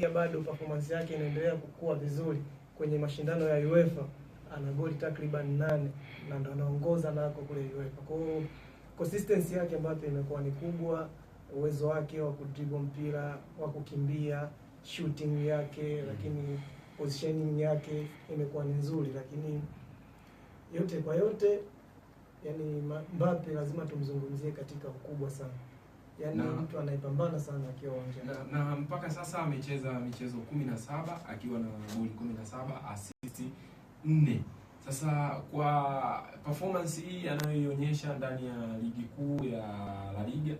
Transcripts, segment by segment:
pia bado performance yake inaendelea kukua vizuri kwenye mashindano ya UEFA, ana goli takriban nane na ndo anaongoza nako kule UEFA. Kwa hiyo consistency yake Mbappe imekuwa ni kubwa, uwezo wake wa kudribble mpira, wa kukimbia, shooting yake, mm. lakini positioning yake imekuwa ni nzuri, lakini yote kwa yote, yani Mbappe lazima tumzungumzie katika ukubwa sana. Yani mtu anaipambana sana akiwa uwanjani na, na mpaka sasa amecheza michezo 17 akiwa na goli 17, assist 4. Sasa kwa performance hii anayoionyesha ndani ya ligi kuu ya La Liga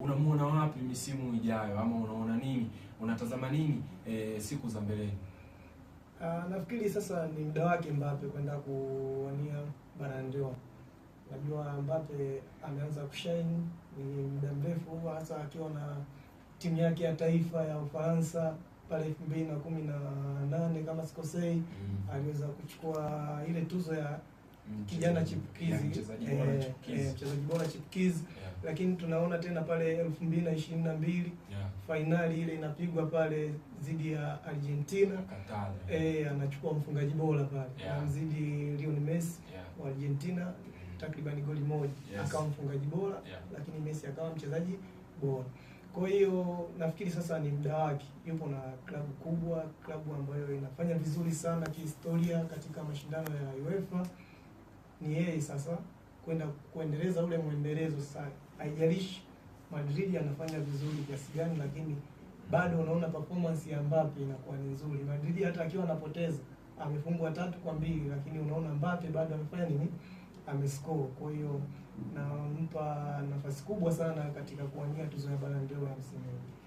unamwona wapi misimu ijayo, ama unaona nini, unatazama nini e, siku za mbeleni? Uh, nafikiri sasa ni muda wake Mbappe kwenda kuwania Ballon d'Or. Najua Mbappe ameanza kushine ni muda mrefu, hasa akiwa na timu yake ya taifa ya Ufaransa pale elfu mbili na kumi na nane kama sikosei, mm. aliweza kuchukua ile tuzo ya mm, kijana chipukizi, eh, eh, mchezaji bora chipukizi, lakini tunaona tena pale elfu mbili na ishirini na mbili yeah. fainali ile inapigwa pale dhidi ya Argentina Katale, yeah. e, anachukua mfungaji bora pale yeah. anamzidi Lionel Messi yeah. wa Argentina takriban goli moja yes. Akawa mfungaji bora yeah. Lakini Messi akawa mchezaji bora. Kwa hiyo nafikiri sasa ni muda wake, yupo na klabu kubwa, klabu ambayo inafanya vizuri sana kihistoria katika mashindano ya UEFA. Ni yeye sasa kwenda kuendeleza ule mwendelezo sasa, haijalishi Madrid anafanya vizuri kiasi gani, lakini bado unaona performance ya Mbappe inakuwa ni nzuri. Madrid hata akiwa anapoteza amefungwa tatu kwa mbili, lakini unaona Mbappe bado amefanya nini amescore. Kwa hiyo nampa nafasi kubwa sana katika kuwania tuzo ya Ballon d'Or ya msimu huu.